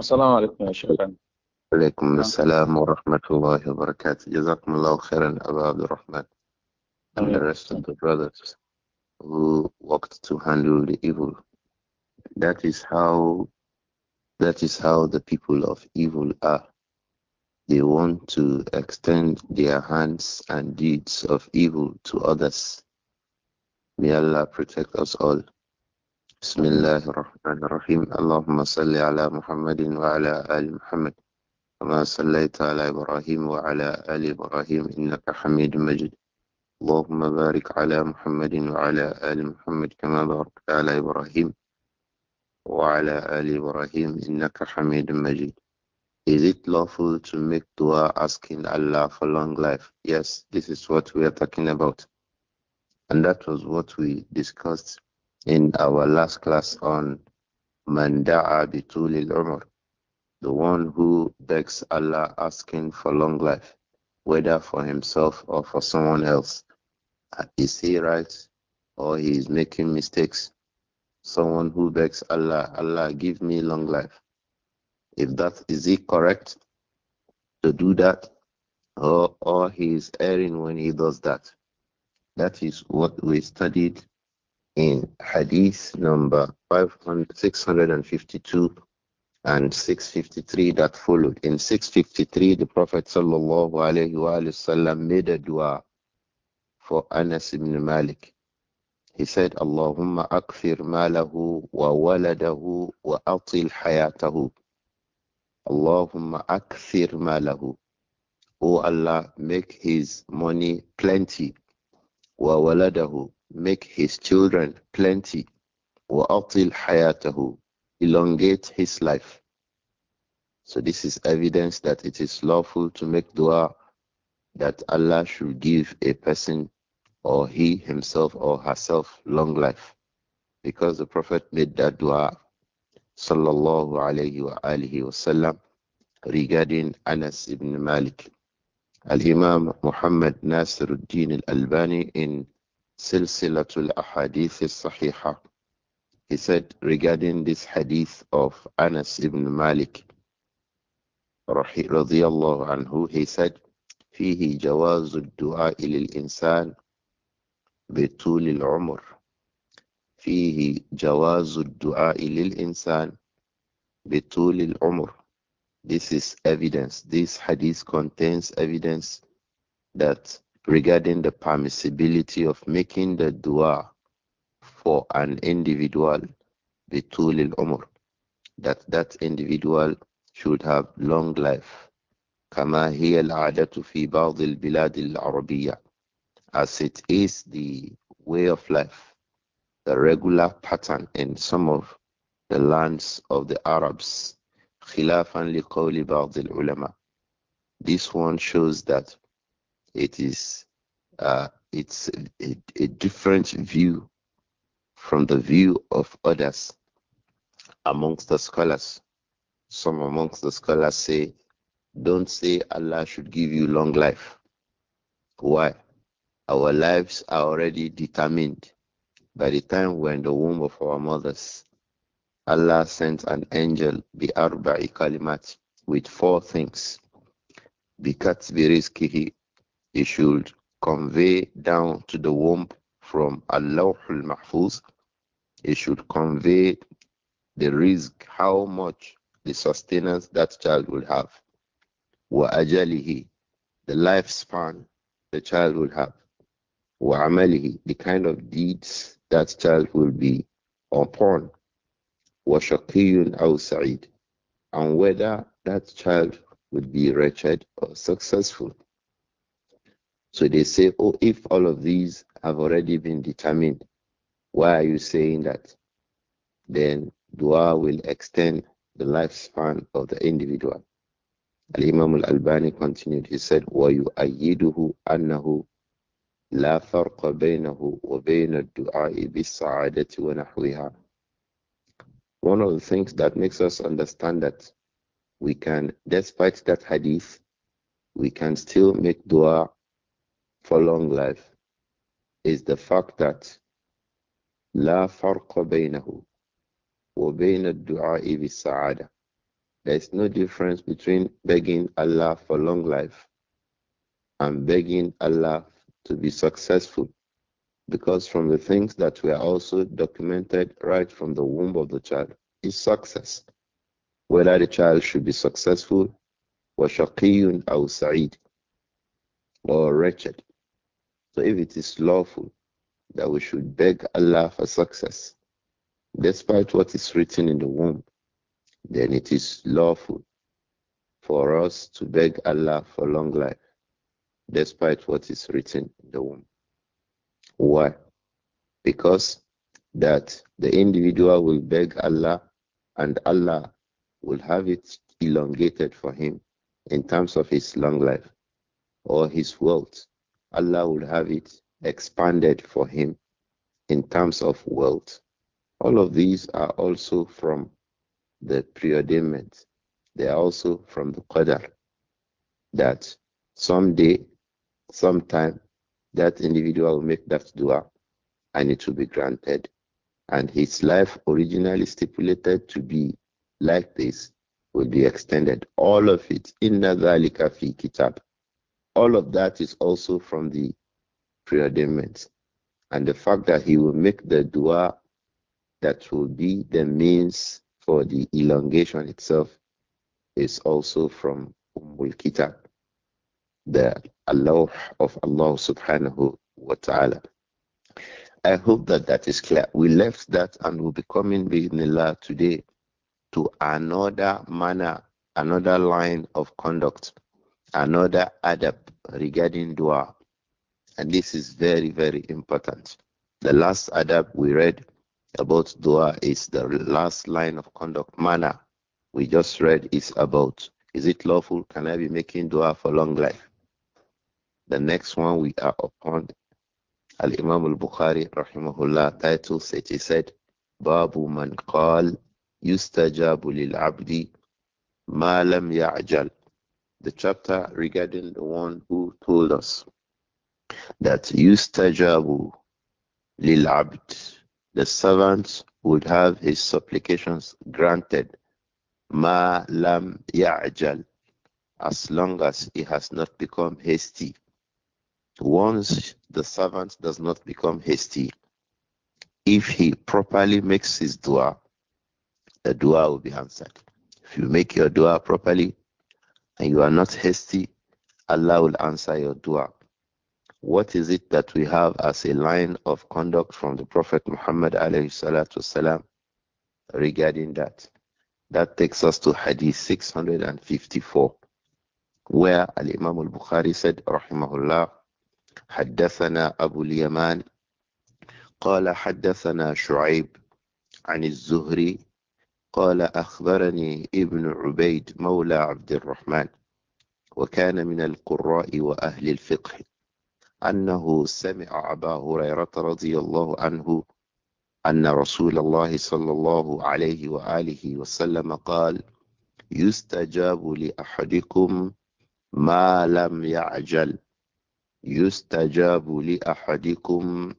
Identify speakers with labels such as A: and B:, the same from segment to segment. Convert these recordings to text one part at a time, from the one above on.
A: السلام عليكم يا شيخ وعليكم السلام ورحمة الله وبركاته جزاكم الله خيرا أبا عبد الرحمن and the rest of the brothers who worked to handle the evil that is how that is how the people of evil are they want to extend their hands and deeds of evil to others may Allah protect us all بسم الله الرحمن الرحيم اللهم صل على محمد وعلى آل محمد كما صليت على إبراهيم وعلى آل إبراهيم إنك حميد مجيد اللهم بارك على محمد وعلى آل محمد كما باركت على إبراهيم وعلى آل إبراهيم إنك حميد مجيد Is it lawful to make dua asking Allah for long life? Yes, this is what we are talking about. And that was what we discussed in our last class on Manda'a bitulil umr, the one who begs Allah asking for long life, whether for himself or for someone else. Uh, is he right or he is making mistakes? Someone who begs Allah, Allah, give me long life. If that is he correct to do that, or, or he is erring when he does that. That is what we studied in Hadith number 652 and 653 that followed. In 653, the Prophet sallallahu alaihi wasallam made a dua for Anas ibn Malik. He said, Allahumma akfir malahu wa waladahu wa atil hayatahu. Allahumma akfir malahu. O Allah, make his money plenty. Wa waladahu make his children plenty. وَأَطِلْ حَيَاتَهُ Elongate his life. So this is evidence that it is lawful to make dua that Allah should give a person or he himself or herself long life. Because the Prophet made that dua sallallahu alayhi wa alihi wasallam regarding Anas ibn Malik. Al Imam Muhammad Nasiruddin al Albani in Silsilatul Ahadith is He said regarding this hadith of Anas ibn Malik, radiallahu anhu, he said, فيه جواز الدعاء للإنسان بطول العمر فيه جواز الدعاء للإنسان بطول العمر This is evidence. This hadith contains evidence that regarding the permissibility of making the dua for an individual bitulil umr that that individual should have long life كما هي العادة في بعض البلاد العربية as it is the way of life the regular pattern in some of the lands of the Arabs خلافا لقول بعض العلماء this one shows that it is uh, it's a, a different view from the view of others amongst the scholars. Some amongst the scholars say, don't say Allah should give you long life. Why? Our lives are already determined. By the time we're in the womb of our mothers, Allah sent an angel, bi arba'i kalimat, with four things. Bikat bi rizkihi, it should convey down to the womb from Allah al-Mahfuz. It should convey the risk, how much the sustenance that child will have. Wa ajalihi, the lifespan the child will have. Wa amalihi, the kind of deeds that child will be upon. Wa shaqiyun aw sa'id, and whether that child would be wretched or successful. So they say, oh, if all of these have already been determined, why are you saying that? Then dua will extend the lifespan of the individual. Al Imam Al Albani continued. He said, وَيُؤَيِّدُهُ أَنَّهُ لا فرق بينه وبين الدعاء بالسعادة ونحوها. One of the things that makes us understand that we can, despite that hadith, we can still make dua for long life is the fact that لا فرق بينه وبين الدعاء بالسعادة There is no difference between begging Allah for long life and begging Allah to be successful because from the things that were also documented right from the womb of the child is success. Whether the child should be successful, or shaqiyun or sa'id, or wretched. So if it is lawful that we should beg Allah for success, despite what is written in the womb, then it is lawful for us to beg Allah for long life, despite what is written in the womb. Why? Because that the individual will beg Allah and Allah will have it elongated for him in terms of his long life or his wealth Allah would have it expanded for him in terms of wealth. All of these are also from the preordainment. They are also from the qadar that someday, sometime, that individual will make that dua and it will be granted. And his life, originally stipulated to be like this, will be extended. All of it, inna dhalika fi kitab. All of that is also from the preordainment. And the fact that he will make the dua that will be the means for the elongation itself is also from Ummul Kitab, the Allah of Allah subhanahu wa ta'ala. I hope that that is clear. We left that and we'll be coming, Bismillah, today to another manner, another line of conduct another adab regarding dua. And this is very, very important. The last adab we read about dua is the last line of conduct manner we just read is about. Is it lawful? Can I be making dua for long life? The next one we are upon Al Imam al Bukhari rahimahullah title it he said Babu man qal yustajabu lil abdi ma lam ya'jal the chapter regarding the one who told us that yustajabu Lilabd, the servant would have his supplications granted ma lam ya'jal as long as he has not become hasty once the servant does not become hasty if he properly makes his dua the dua will be answered if you make your dua properly and you are not hasty, Allah will answer your dua. What is it that we have as a line of conduct from the Prophet Muhammad والسلام, regarding that? That takes us to Hadith 654, where Al Imam al Bukhari said, Rahimahullah, حدثنا أبو اليمان قال حدثنا شعيب عن الزهري قال أخبرني ابن عبيد مولى عبد الرحمن وكان من القراء وأهل الفقه أنه سمع أبا هريرة رضي الله عنه أن رسول الله صلى الله عليه وآله وسلم قال يستجاب لأحدكم ما لم يعجل يستجاب لأحدكم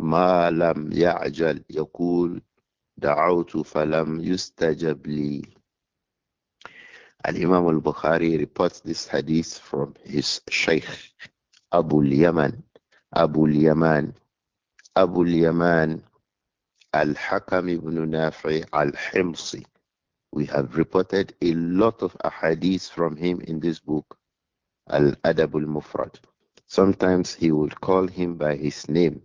A: ما لم يعجل يقول دعوت فلم يستجب لي Al-Imam al-Bukhari reports this hadith from his Shaykh Abu al-Yaman Abu yaman Abu yaman Al-Hakam ibn Nafi al We have reported a lot of hadiths from him in this book Al-Adab mufrad Sometimes he would call him by his name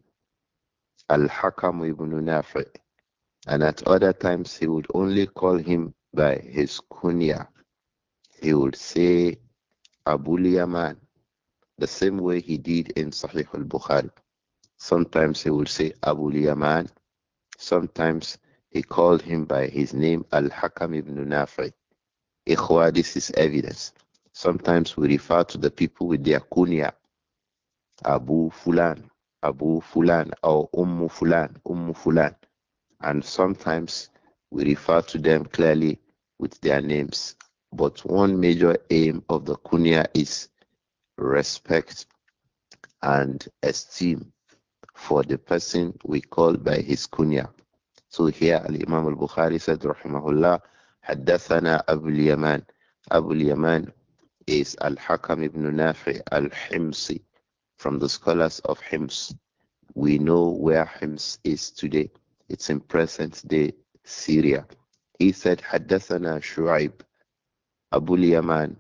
A: Al-Hakam ibn Nafi and at other times, he would only call him by his kunya. He would say Abu Yaman, the same way he did in Sahih al Bukhari. Sometimes he would say Abu Yaman, sometimes he called him by his name Al Hakam ibn Nafi. Ikhwa, this is evidence. Sometimes we refer to the people with their kunya Abu Fulan, Abu Fulan, or Ummu Fulan, Ummu Fulan and sometimes we refer to them clearly with their names. But one major aim of the kunya is respect and esteem for the person we call by his kunya. So here Al Imam Al Bukhari said, Rahimahullah, Haddathana Abu Yaman. Abu Yaman is Al Hakam ibn Nafi Al Himsi from the scholars of Hims. We know where Hims is today. It's in present day Syria. He said, Haddathana Shu'aib, Abu Yaman,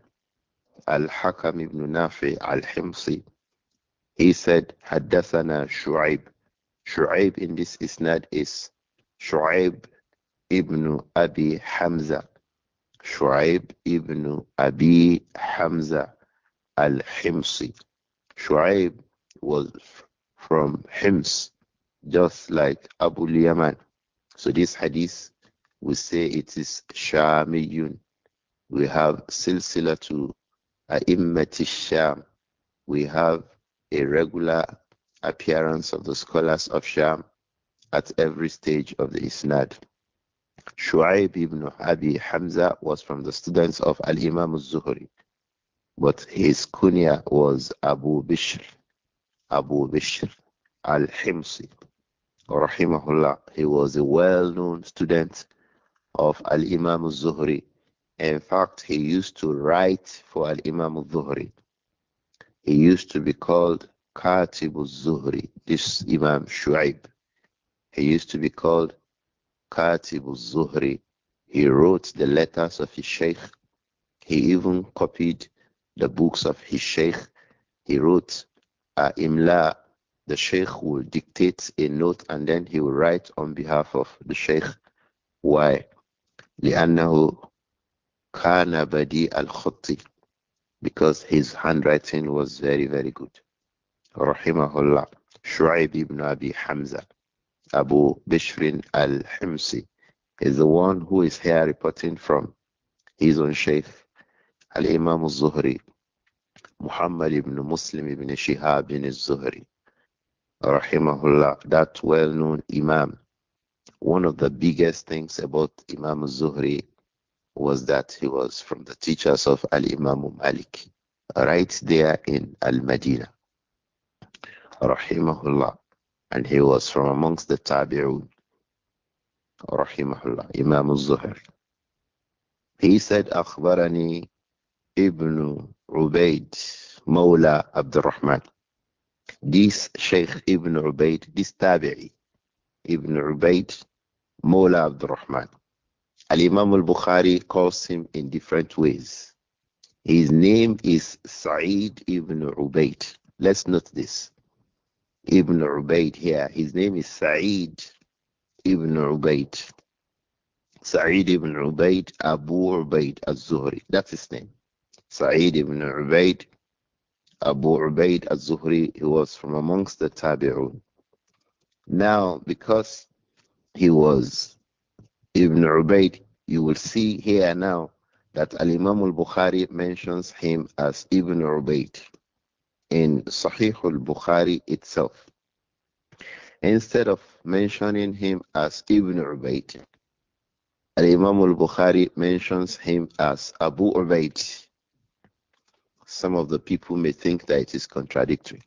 A: Al-Hakam ibn Nafi al-Himsi. He said, Haddathana Shu'aib. Shu'aib in this isnad is Shu'aib ibn Abi Hamza. Shu'aib ibn Abi Hamza al-Himsi. Shu'aib was from Hims just like Abu Yaman. So this hadith, we say it is Shamiyun. We have Silsila to A'immati Sham. We have a regular appearance of the scholars of Sham at every stage of the Isnad. Shu'aib ibn Abi Hamza was from the students of Al Imam al Zuhri, but his kunya was Abu Bishr, Abu Bishr al Himsi rahimahullah, he was a well-known student of Al-Imam al-Zuhri. In fact, he used to write for Al-Imam al-Zuhri. He used to be called Katib al-Zuhri, this Imam Shu'ib. He used to be called Katib al-Zuhri. He wrote the letters of his sheikh. He even copied the books of his sheikh. He wrote uh, Imla the sheikh will dictate a note and then he will write on behalf of the sheikh why لأنه كان al الخط because his handwriting was very very good rahimahullah الله ibn Abi Hamza Abu Bishrin al-Himsi is the one who is here reporting from his own sheikh al-Imam al-Zuhri Muhammad ibn Muslim ibn Shihab ibn al-Zuhri rahimahullah, that well-known Imam. One of the biggest things about Imam Zuhri was that he was from the teachers of Al Imam Malik, right there in Al Madina. rahimahullah, and he was from amongst the Tabi'un, rahimahullah, Imam Zuhri. He said, "Akhbarani Ibn عبيد Mawla Abdurrahman." This Sheikh Ibn Ubaid, this Tabi'i, Ibn Ubaid, Mawla Abdul Rahman. Al Imam al Bukhari calls him in different ways. His name is Sa'id ibn Ubaid. Let's note this. Ibn Ubaid here. His name is Sa'id ibn Ubaid. Sa'id ibn Ubaid, Abu Ubaid al-Zuhri. That's his name. Sa'id ibn Ubaid, Abu Ubaid al-Zuhri, he was from amongst the Tabi'un. Now, because he was Ibn Ubaid, you will see here now that Al-Imam al-Bukhari mentions him as Ibn Ubaid in Sahih al-Bukhari itself. Instead of mentioning him as Ibn Ubaid, Al-Imam al-Bukhari mentions him as Abu Ubaid some of the people may think that it is contradictory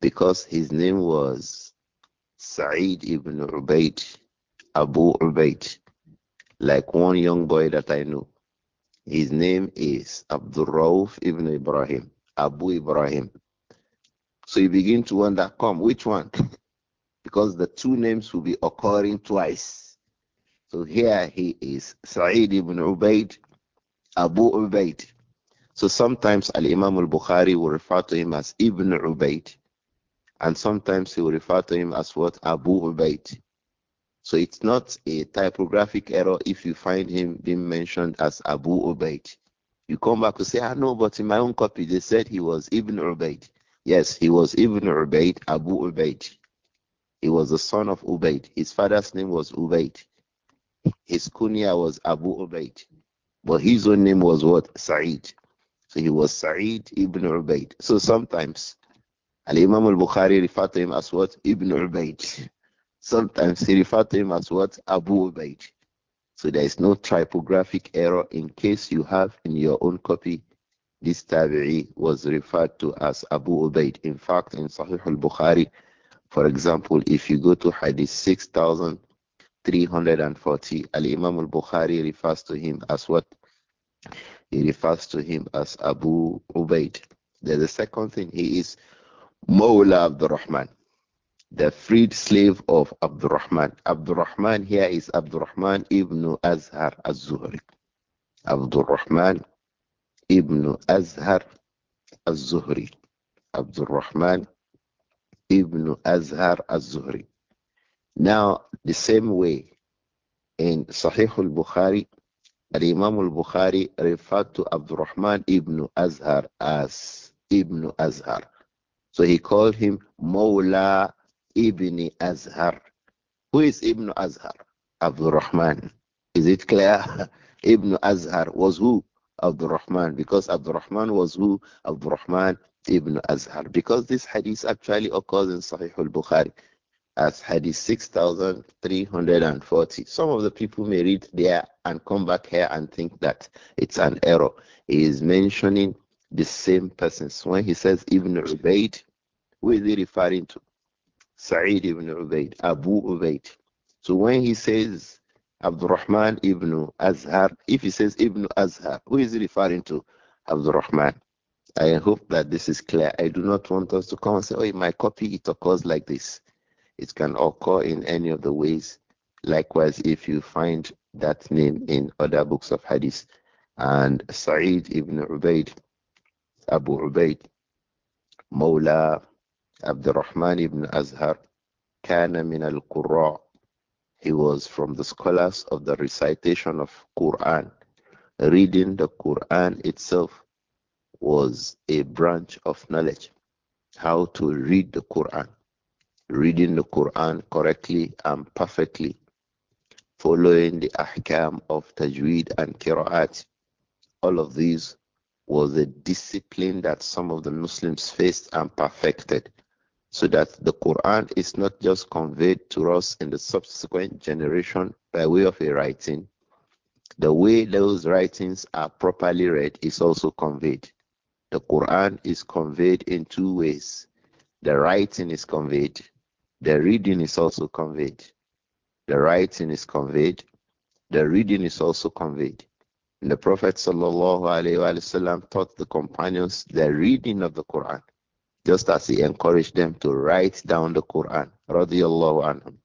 A: because his name was Sa'id ibn Ubaid, Abu Ubaid, like one young boy that I know. His name is Abdul Rauf ibn Ibrahim, Abu Ibrahim. So you begin to wonder, come, which one? because the two names will be occurring twice. So here he is, Sa'id ibn Ubaid, Abu Ubaid. So sometimes Al Imam al Bukhari will refer to him as Ibn Ubaid, and sometimes he will refer to him as what Abu Ubaid. So it's not a typographic error if you find him being mentioned as Abu Ubaid. You come back and say, I ah, know, but in my own copy they said he was Ibn Ubaid. Yes, he was Ibn Ubaid, Abu Ubaid. He was the son of Ubayt. His father's name was Ubayt. His kunya was Abu Ubaid. But his own name was what? Sa'id. So he was Sa'id ibn Ubaid. So sometimes Al Imam al Bukhari referred to him as what? Ibn Ubaid. Sometimes he referred to him as what? Abu Ubaid. So there is no typographic error in case you have in your own copy this Tabi'i was referred to as Abu Ubaid. In fact, in Sahih al Bukhari, for example, if you go to Hadith 6340, Al Imam al Bukhari refers to him as what? He refers to him as Abu Ubaid. Then the second thing, he is Mawla Abdurrahman, the freed slave of Abdurrahman. Abdurrahman here is Abdurrahman ibn Azhar al zuhri Abdurrahman ibn Azhar al zuhri Abdurrahman ibn Azhar al zuhri Now, the same way in Sahih al-Bukhari, that Imam al-Bukhari referred to Abdurrahman ibn Azhar as Ibn Azhar. So he called him Mawla ibn Azhar. Who is Ibn Azhar? Abdurrahman. Is it clear? ibn Azhar was who? Abdurrahman. Because Abdurrahman was who? Abdurrahman ibn Azhar. Because this hadith actually occurs in Sahih al-Bukhari as Hadith 6340. Some of the people may read there and come back here and think that it's an error. He is mentioning the same persons. When he says Ibn Ubaid, who is he referring to? Sa'id ibn Ubaid, Abu Ubaid. So when he says Abdurrahman ibn Azhar, if he says Ibn Azhar, who is he referring to? Abdurrahman. I hope that this is clear. I do not want us to come and say, oh, in my copy it occurs like this. It can occur in any of the ways. Likewise, if you find that name in other books of hadith. And Sa'id ibn Ubaid, Abu Ubaid, Mawla Abdurrahman ibn Azhar, Kana min al Qurra. He was from the scholars of the recitation of Quran. Reading the Quran itself was a branch of knowledge. How to read the Quran reading the Quran correctly and perfectly, following the ahkam of tajweed and qira'at. All of these was a discipline that some of the Muslims faced and perfected, so that the Quran is not just conveyed to us in the subsequent generation by way of a writing. The way those writings are properly read is also conveyed. The Quran is conveyed in two ways. The writing is conveyed the reading is also conveyed. The writing is conveyed. The reading is also conveyed. And the Prophet ﷺ taught the companions the reading of the Quran, just as he encouraged them to write down the Quran. Anhum.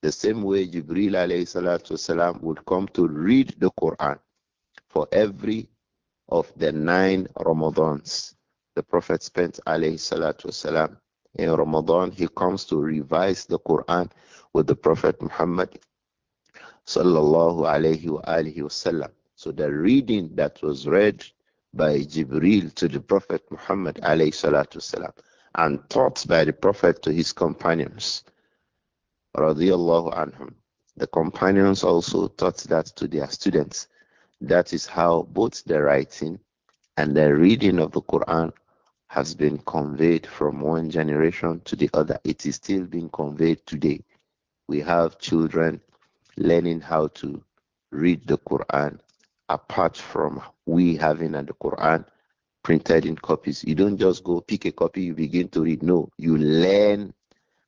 A: The same way Jibril والسلام, would come to read the Quran for every of the nine Ramadans the Prophet spent والسلام, in Ramadan, he comes to revise the Quran with the Prophet Muhammad sallallahu alayhi wa wasallam. So the reading that was read by Jibril to the Prophet Muhammad alayhi salatu salam, and taught by the Prophet to his companions anhum. The companions also taught that to their students. That is how both the writing and the reading of the Quran has been conveyed from one generation to the other. It is still being conveyed today. We have children learning how to read the Quran apart from we having the Quran printed in copies. You don't just go pick a copy, you begin to read. No, you learn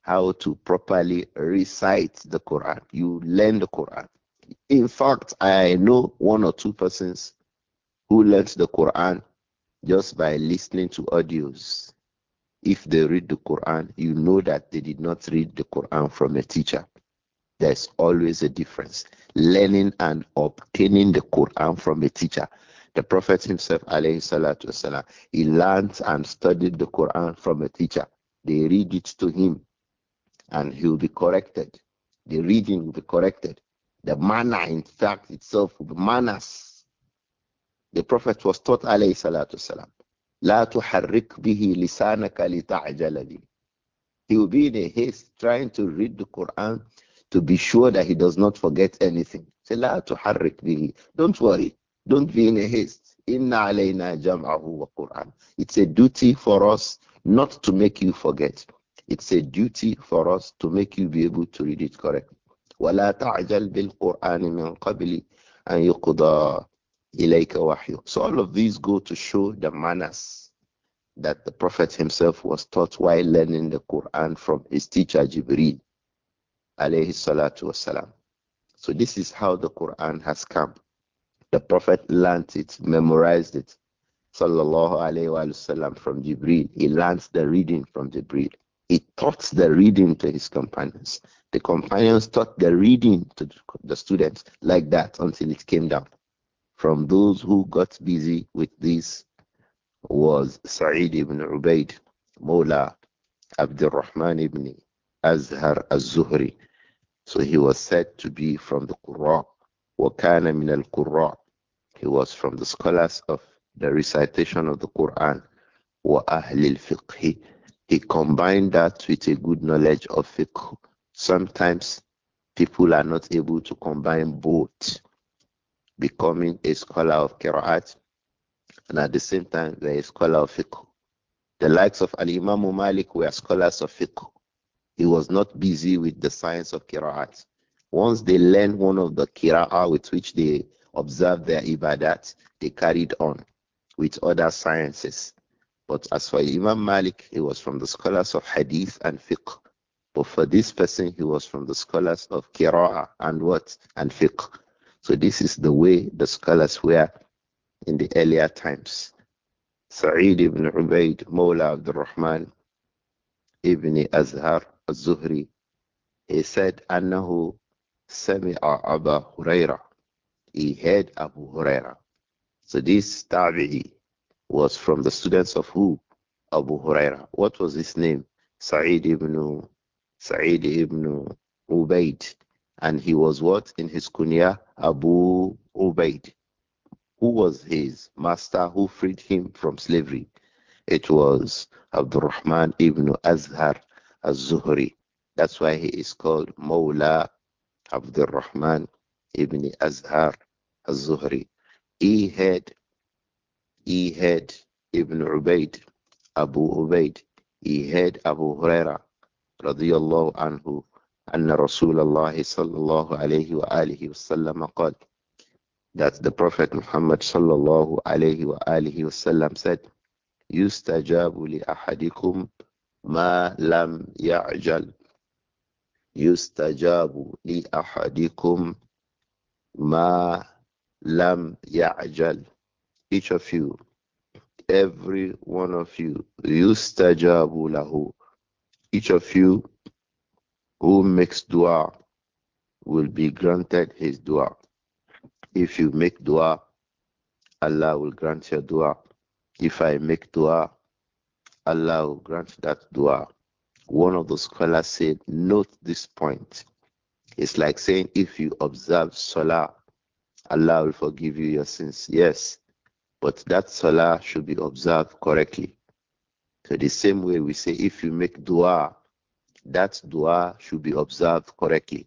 A: how to properly recite the Quran. You learn the Quran. In fact, I know one or two persons who learned the Quran just by listening to audios. If they read the Quran, you know that they did not read the Quran from a teacher. There's always a difference. Learning and obtaining the Quran from a teacher. The Prophet himself, alayhi salatu wasalam, he learned and studied the Quran from a teacher. They read it to him and he will be corrected. The reading will be corrected. The manner, in fact, itself, the manners the Prophet was taught, alayhi salatu salam, لا تحرك به لسانك لتعجل به. He will be in a haste trying to read the Quran to be sure that he does not forget anything. Say, لا تحرك به. Don't worry. Don't be in a haste. Inna alayna jam'ahu wa Quran. It's a duty for us not to make you forget. It's a duty for us to make you be able to read it correctly. ولا تعجل بالقرآن من قبل أن يقضى so all of these go to show the manners that the Prophet himself was taught while learning the Quran from his teacher Jibril, alayhi salatu wasalam. So this is how the Quran has come. The Prophet learnt it, memorized it, sallallahu alayhi wasallam from Jibril. He learnt the reading from Jibril. He taught the reading to his companions. The companions taught the reading to the students like that until it came down from those who got busy with this was Sa'id ibn Ubaid, Mawla Abdul Rahman ibn Azhar Azhuri. zuhri So he was said to be from the Qur'an. min al الْقُرَّاءِ He was from the scholars of the recitation of the Qur'an. وَأَهْلِ الْفِقْهِ He combined that with a good knowledge of fiqh. Sometimes people are not able to combine both becoming a scholar of Qira'at and at the same time they are a scholar of fiqh. The likes of Al Imam Malik were scholars of fiqh. He was not busy with the science of Qira'at. Once they learned one of the Qira'ah with which they observed their ibadat, they carried on with other sciences. But as for Imam Malik, he was from the scholars of Hadith and Fiqh. But for this person, he was from the scholars of Qira'ah and what? And Fiqh. So this is the way the scholars were in the earlier times. Sa'id ibn Ubaid, Mawla Abdul Rahman, ibn Azhar al-Zuhri, he said, أنه سمع أبا هريرة. He heard Abu Huraira. So this Tabi'i was from the students of who? Abu Huraira. What was his name? Sa'id ibn Sa'id ibn Ubaid and he was what in his kunya Abu Ubaid. Who was his master who freed him from slavery? It was Abdurrahman ibn Azhar al zuhri That's why he is called Mawla Abdurrahman ibn Azhar al zuhri He had he had Ibn Ubaid, Abu Ubaid, he had Abu Huraira radiyallahu anhu أن رسول الله صلى الله عليه وآله وسلم قال that the Prophet Muhammad صلى الله عليه وآله وسلم said يستجاب لأحدكم ما لم يعجل يستجاب لأحدكم ما لم يعجل each of you every one of you يستجاب له each of you who makes dua will be granted his dua. If you make dua, Allah will grant your dua. If I make dua, Allah will grant that dua. One of the scholars said, note this point. It's like saying, if you observe salah, Allah will forgive you your sins. Yes, but that salah should be observed correctly. So the same way we say, if you make dua, that dua should be observed correctly.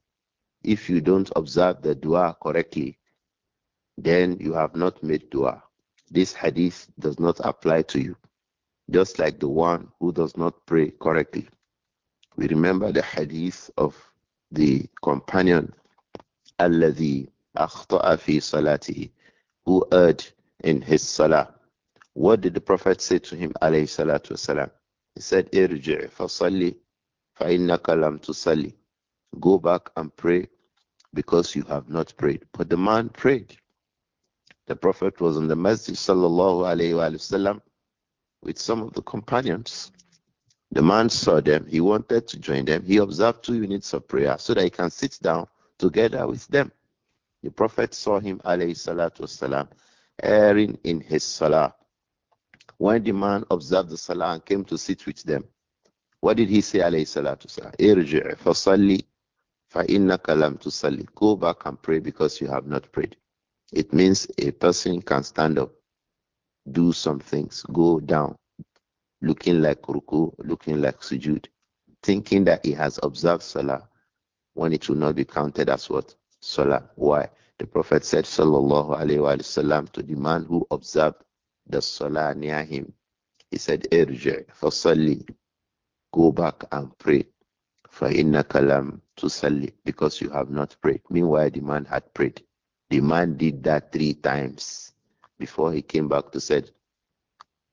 A: If you don't observe the dua correctly, then you have not made dua. This hadith does not apply to you, just like the one who does not pray correctly. We remember the hadith of the companion, الذي أخطأ في salati, who erred in his salah. What did the Prophet say to him, alayhi salatu wasalam? He said, irji' fasalli Fa'innaka lam tusali. Go back and pray because you have not prayed. But the man prayed. The Prophet was in the masjid sallallahu alayhi wasallam with some of the companions. The man saw them. He wanted to join them. He observed two units of prayer so that he can sit down together with them. The Prophet saw him alayhi salatu wasalam erring in his salah. When the man observed the salah and came to sit with them, what did he say, alayhi salatu salam? Go back and pray because you have not prayed. It means a person can stand up, do some things, go down, looking like ruku, looking like sujud, thinking that he has observed salah when it will not be counted as what? Salah. Why? The Prophet said, Sallallahu Alaihi Wasallam, to the man who observed the salah near him, he said, Irji' fasalli Go back and pray. for Inna Kalam to تُسَلِّ Because you have not prayed. Meanwhile, the man had prayed. The man did that three times before he came back to said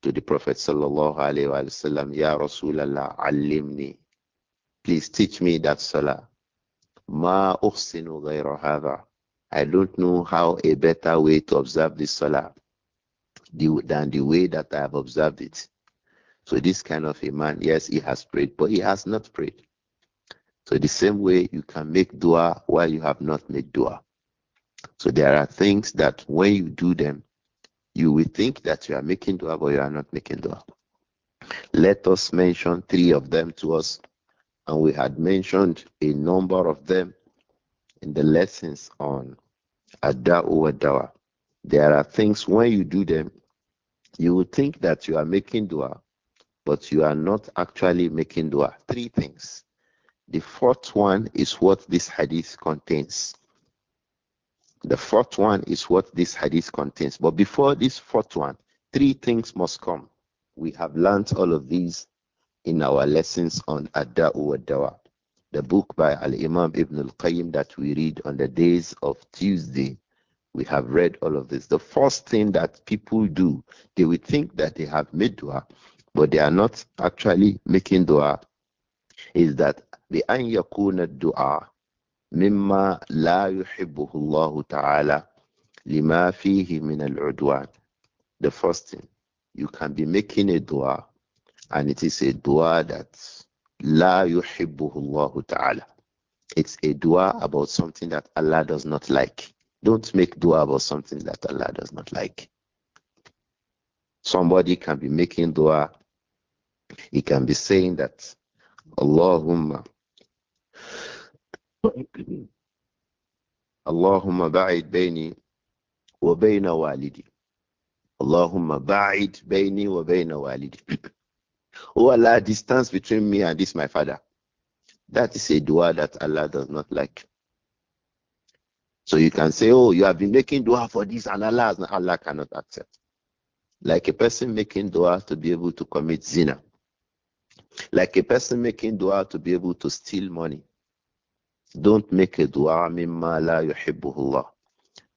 A: to the Prophet sallallahu alaihi wasallam, Ya Rasulallah, alimni. Please teach me that salah. Ma uhsinu ghayra I don't know how a better way to observe this salah than the way that I have observed it. So this kind of a man, yes, he has prayed, but he has not prayed. So the same way you can make dua while you have not made dua. So there are things that when you do them, you will think that you are making dua, but you are not making dua. Let us mention three of them to us, and we had mentioned a number of them in the lessons on Ada'u Dawa. There are things when you do them, you will think that you are making dua, but you are not actually making dua. Three things. The fourth one is what this hadith contains. The fourth one is what this hadith contains. But before this fourth one, three things must come. We have learnt all of these in our lessons on Adda'u wa Dawa, the book by Al Imam Ibn Al Qayyim that we read on the days of Tuesday. We have read all of this. The first thing that people do, they will think that they have made dua, but they are not actually making dua, is that the an yakuna dua mimma la yuhibbuhu Allah ta'ala lima fihi min al-udwan. The first thing, you can be making a dua and it is a dua that la yuhibbuhu Allah ta'ala. It's a dua about something that Allah does not like. Don't make dua about something that Allah does not like. Somebody can be making dua he can be saying that Allahumma Allahumma ba'id bayni wa bayna walidi. Allahumma ba'id bayni wa bayna walidi. Oh Allah, distance between me and this my father. That is a dua that Allah does not like. So you can say, Oh, you have been making dua for this, and Allah, Allah cannot accept. Like a person making dua to be able to commit zina. Like a person making dua to be able to steal money. Don't make a dua mimma la yuhibbuhullah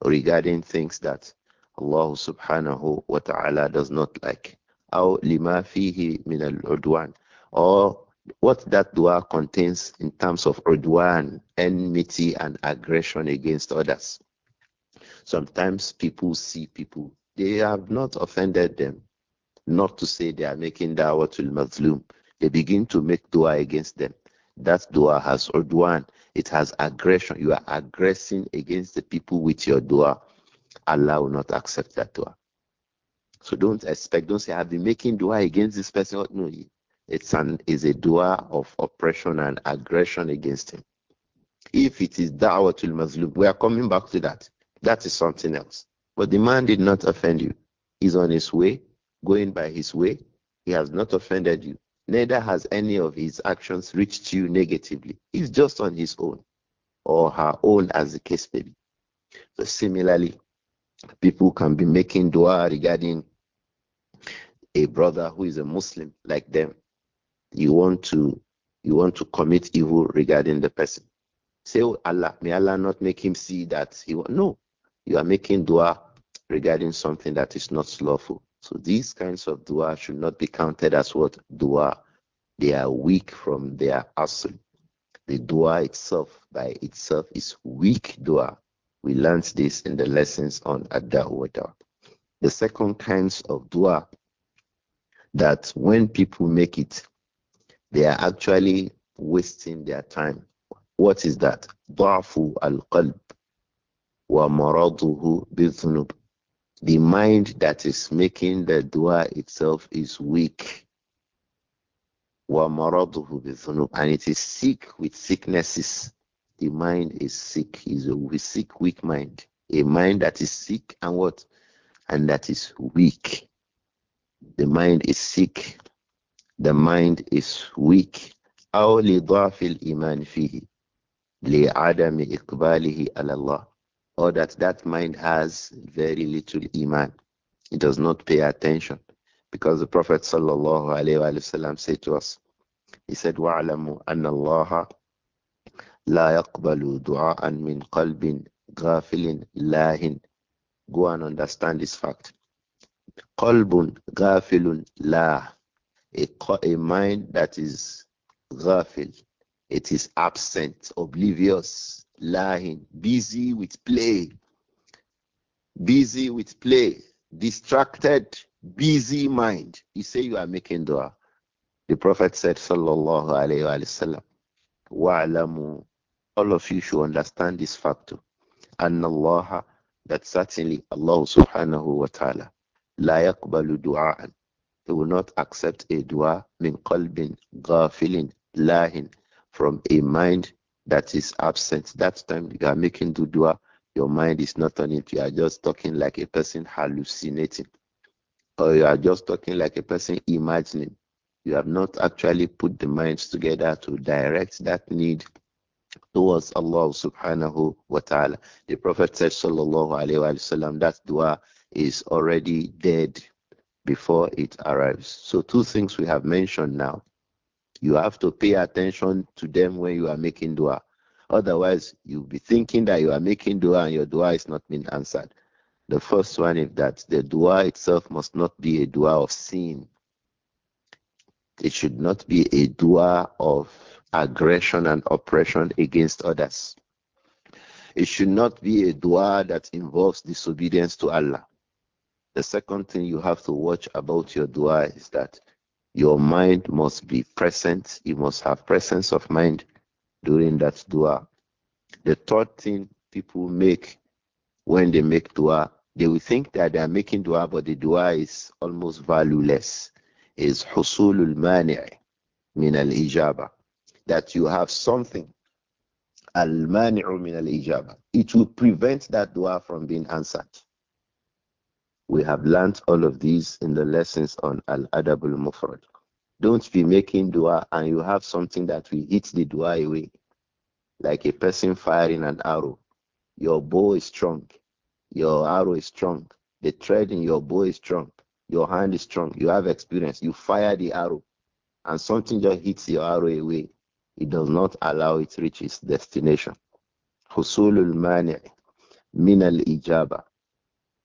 A: regarding things that Allah subhanahu wa ta'ala does not like. أو لما فيه من العدوان or what that dua contains in terms of udwan, enmity and aggression against others. Sometimes people see people, they have not offended them, not to say they are making da'wah to Muslim they begin to make dua against them. That dua has udwan, it has aggression. You are aggressing against the people with your dua. Allah will not accept that dua. So don't expect, don't say, I've been making dua against this person. No, it's an is a dua of oppression and aggression against him. If it is da'watul mazlum, we are coming back to that. That is something else. But the man did not offend you. He's on his way, going by his way. He has not offended you neither has any of his actions reached you negatively. He's just on his own or her own, as the case may be. So similarly, people can be making dua regarding a brother who is a Muslim like them. You want to you want to commit evil regarding the person. Say, oh Allah, may Allah not make him see that he no. You are making dua regarding something that is not lawful. So these kinds of dua should not be counted as what dua. They are weak from their asl. The dua itself by itself is weak dua. We learned this in the lessons on ad-da'wah. The second kinds of dua that when people make it, they are actually wasting their time. What is that? al-qalb ضعف القلب ومرضه بالذنوب the mind that is making the dua itself is weak. And it is sick with sicknesses. The mind is sick, is a sick, weak mind. A mind that is sick and what? And that is weak. The mind is sick. The mind is weak. أو لضعف الإيمان فيه لعدم إقباله على الله or that that mind has very little iman. It does not pay attention because the Prophet sallallahu alaihi wasallam said to us, he said, "Wa'lamu أَنَّ اللَّهَ لَا yaqbalu دُعَاءً مِنْ قَلْبٍ غَافِلٍ lahin." Go and understand this fact. قَلْبٌ غَافِلٌ la, a, a mind that is غافل. it is absent, oblivious Lying, busy with play, busy with play, distracted, busy mind. You say you are making dua. The Prophet said, Sallallahu Alaihi Wasallam, Wa'alamu, all of you should understand this factor. And Allah, that certainly Allah subhanahu wa ta'ala, la yakbalu du'a'an. He will not accept a dua min qalbin ghafilin lahin from a mind that is absent. That time you are making dudua, your mind is not on it. You are just talking like a person hallucinating, or you are just talking like a person imagining. You have not actually put the minds together to direct that need towards Allah subhanahu wa ta'ala. The Prophet said, Sallallahu Alaihi Wasallam, that dua is already dead before it arrives. So, two things we have mentioned now you have to pay attention to them when you are making dua. Otherwise, you'll be thinking that you are making dua and your dua is not being answered. The first one is that the dua itself must not be a dua of sin. It should not be a dua of aggression and oppression against others. It should not be a dua that involves disobedience to Allah. The second thing you have to watch about your dua is that your mind must be present. You must have presence of mind during that dua. The third thing people make when they make dua, they will think that they are making dua, but the dua is almost valueless. Is husulul mani'i min al ijaba that you have something al mani'u min al ijaba. It will prevent that dua from being answered. We have learnt all of these in the lessons on Al Adabul Mufrad. Don't be making dua and you have something that will hit the dua away, like a person firing an arrow. Your bow is strong, your arrow is strong, the thread in your bow is strong, your hand is strong, you have experience. You fire the arrow and something just hits your arrow away. It does not allow it reach its destination. حصول min al-ijaba.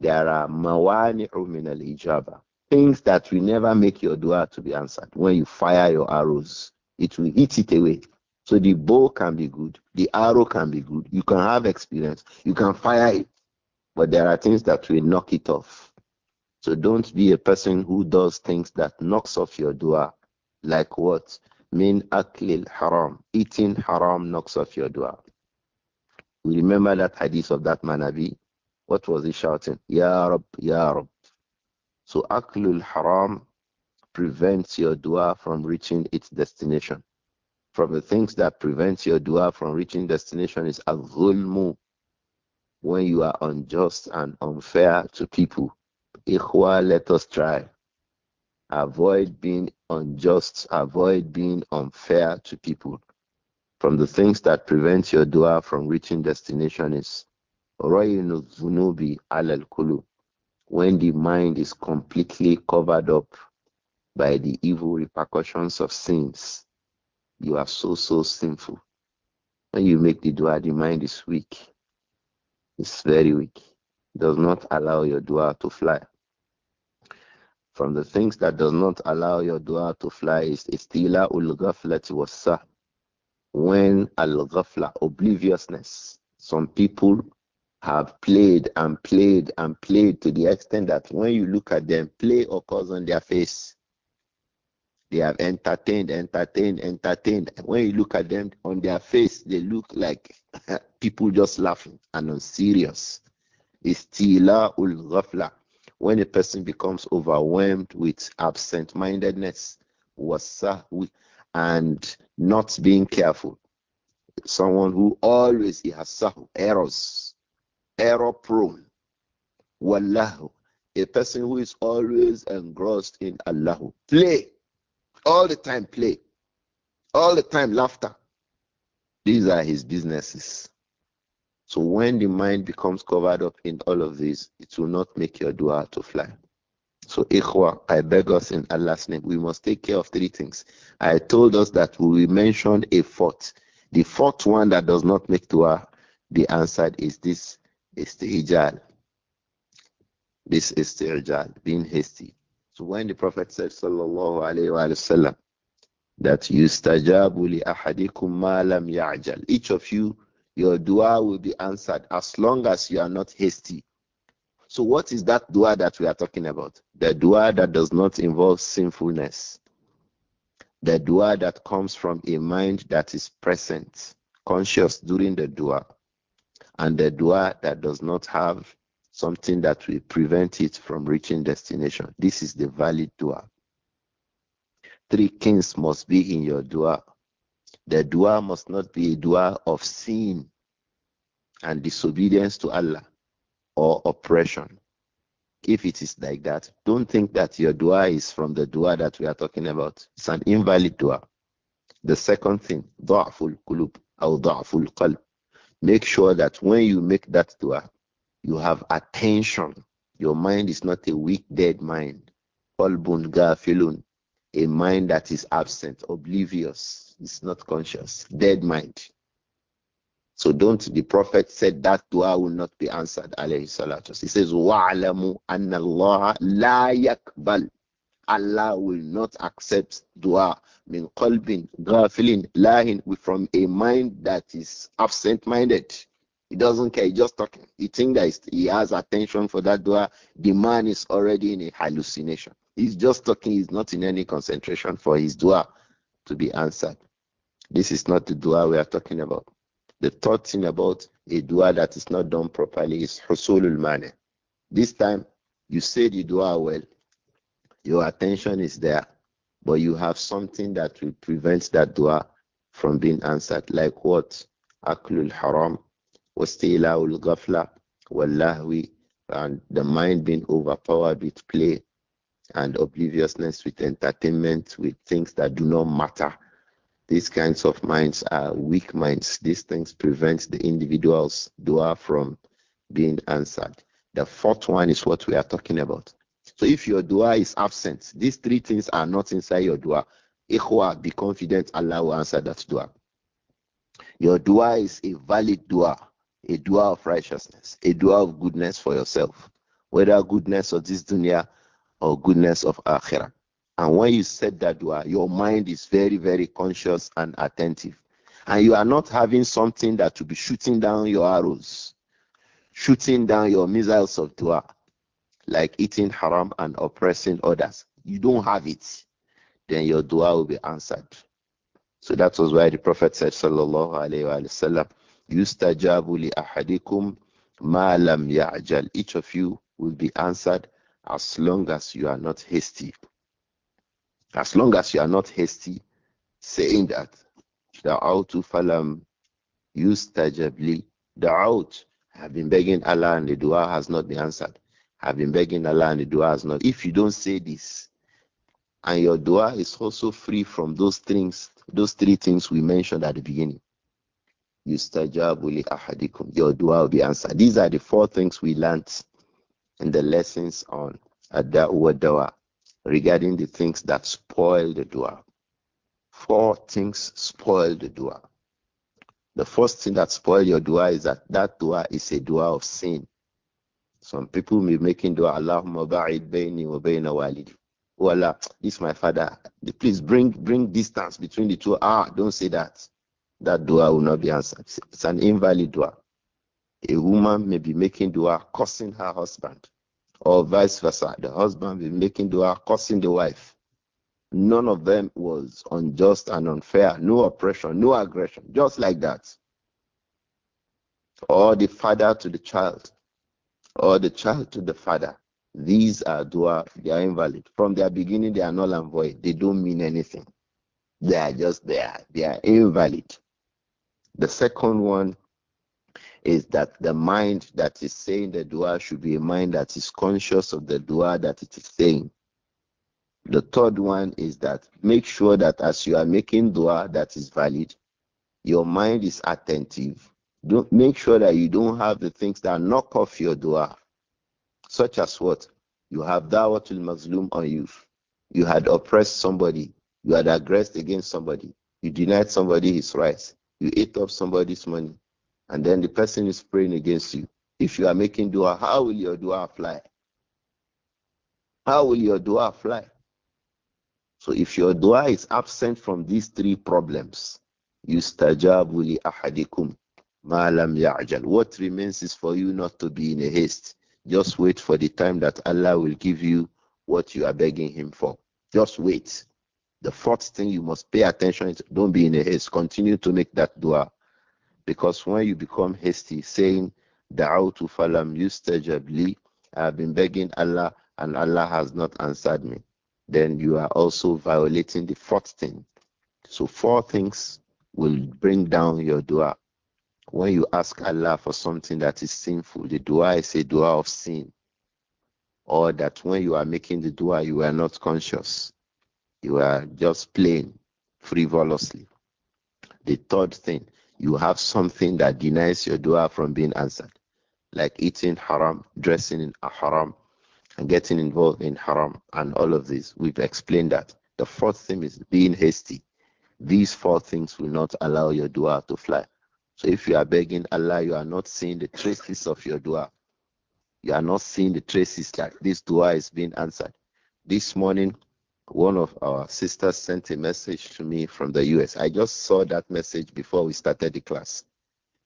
A: There are mawani min al ijaba, things that will never make your dua to be answered. When you fire your arrows, it will eat it away. So the bow can be good, the arrow can be good. You can have experience, you can fire it, but there are things that will knock it off. So don't be a person who does things that knocks off your dua, like what min aklil haram, eating haram knocks off your dua. We remember that hadith of that manabi what was he shouting? Ya Rab, Ya Rab. So Aklul Haram prevents your dua from reaching its destination. From the things that prevents your dua from reaching destination is al-zulmu, when you are unjust and unfair to people. Ikhwa, let us try. Avoid being unjust, avoid being unfair to people. From the things that prevents your dua from reaching destination is Zunubi al Kulu, when the mind is completely covered up by the evil repercussions of sins, you are so, so sinful. When you make the dua, the mind is weak. It's very weak. It does not allow your dua to fly. From the things that does not allow your dua to fly is istila ul ghaflati wasa. When al ghafla, obliviousness. Some people have played and played and played to the extent that when you look at them, play occurs on their face. They have entertained, entertained, entertained. When you look at them on their face, they look like people just laughing and unserious. It's tila ul ghafla. When a person becomes overwhelmed with absent mindedness, and not being careful, someone who always he has some errors, error prone. Wallahu. A person who is always engrossed in Allahu. Play. All the time, play. All the time, laughter. These are his businesses. So when the mind becomes covered up in all of this, it will not make your dua to fly. So, Ikhwa, I beg us in Allah's name, we must take care of three things. I told us that we will mention a fourth. The fourth one that does not make dua be answered is this Istijal. This is being hasty. So when the Prophet said, Sallallahu wa sallam', that yustajabu li ahadikum ma lam ya'jal. Each of you, your dua will be answered as long as you are not hasty. So what is that dua that we are talking about? The dua that does not involve sinfulness. The dua that comes from a mind that is present, conscious during the dua and the dua that does not have something that will prevent it from reaching destination. This is the valid dua. Three kings must be in your dua. The dua must not be a dua of sin and disobedience to Allah or oppression. If it is like that, don't think that your dua is from the dua that we are talking about. It's an invalid dua. The second thing, ضعف القلوب أو ضعف القلب Make sure that when you make that dua, you have attention. Your mind is not a weak, dead mind. Qalbun gafilun, a mind that is absent, oblivious, is not conscious, dead mind. So don't the Prophet said that dua will not be answered, alayhi He says, Wa'alamu anna Allah la yakbal Allah will not accept dua min qalbin ghafilin lahin from a mind that is absent minded. He doesn't care, he's just talking. He thinks that he has attention for that dua. The man is already in a hallucination. He's just talking, he's not in any concentration for his dua to be answered. This is not the dua we are talking about. The third thing about a dua that is not done properly is husulul mane. This time, you say the dua well, your attention is there, but you have something that will prevent that dua from being answered. Like what? Aklul haram, wastilaul ghafla, wallahwi, and the mind being overpowered with play and obliviousness with entertainment, with things that do not matter. These kinds of minds are weak minds. These things prevent the individual's dua from being answered. The fourth one is what we are talking about. So if your dua is absent, these three things are not inside your dua. Ikhwa, be confident Allah will answer that dua. Your dua is a valid dua, a dua of righteousness, a dua of goodness for yourself, whether goodness of this dunya or goodness of akhirah. And when you said that dua, your mind is very, very conscious and attentive. And you are not having something that will be shooting down your arrows, shooting down your missiles of dua like eating haram and oppressing others, you don't have it, then your dua will be answered. So that was why the Prophet said, Sallallahu Alaihi Wasallam, Yustajabu li ahadikum ma lam ya'jal. Each of you will be answered as long as you are not hasty. As long as you are not hasty, saying that, Da'autu falam yustajabli. Da'aut, I have been begging Allah and the dua has not been answered. I've been begging Allah and the dua has not. If you don't say this, and your dua is also free from those things, those three things we mentioned at the beginning. ahadikum. Your dua will be answered. These are the four things we learned in the lessons on Adda'u Dawa regarding the things that spoil the dua. Four things spoil the dua. The first thing that spoils your dua is that that dua is a dua of sin. Some people may be making dua, Allahumma ba'id bayni wa bayna walidi. Oh Allah, this is my father. Please bring bring distance between the two. Ah, don't say that. That dua will not be answered. It's an invalid dua. A woman may be making dua cursing her husband, or vice versa. The husband may be making dua cursing the wife. None of them was unjust and unfair. No oppression, no aggression, just like that. Or the father to the child or the child to the father, these are dua, they are invalid. From their beginning, they are null and void. They don't mean anything. They are just there. They are invalid. The second one is that the mind that is saying the dua should be a mind that is conscious of the dua that it is saying. The third one is that make sure that as you are making dua that is valid, your mind is attentive don't make sure that you don't have the things that knock off your dua, such as what you have dawatul Muslim on you. You had oppressed somebody, you had aggressed against somebody, you denied somebody his rights, you ate up somebody's money, and then the person is praying against you. If you are making dua, how will your dua fly? How will your dua fly? So if your dua is absent from these three problems, you li ahadikum Ma'lam ya'jal. What remains is for you not to be in a haste. Just wait for the time that Allah will give you what you are begging Him for. Just wait. The fourth thing you must pay attention to, don't be in a haste. Continue to make that dua. Because when you become hasty, saying, Da'autu falam yustajabli, I have been begging Allah and Allah has not answered me, then you are also violating the fourth thing. So, four things will bring down your dua. When you ask Allah for something that is sinful, the dua is a dua of sin. Or that when you are making the dua, you are not conscious. You are just playing frivolously. The third thing, you have something that denies your dua from being answered, like eating haram, dressing in haram, and getting involved in haram, and all of this. We've explained that. The fourth thing is being hasty. These four things will not allow your dua to fly. So if you are begging Allah, you are not seeing the traces of your dua. You are not seeing the traces that this dua is being answered. This morning, one of our sisters sent a message to me from the US. I just saw that message before we started the class.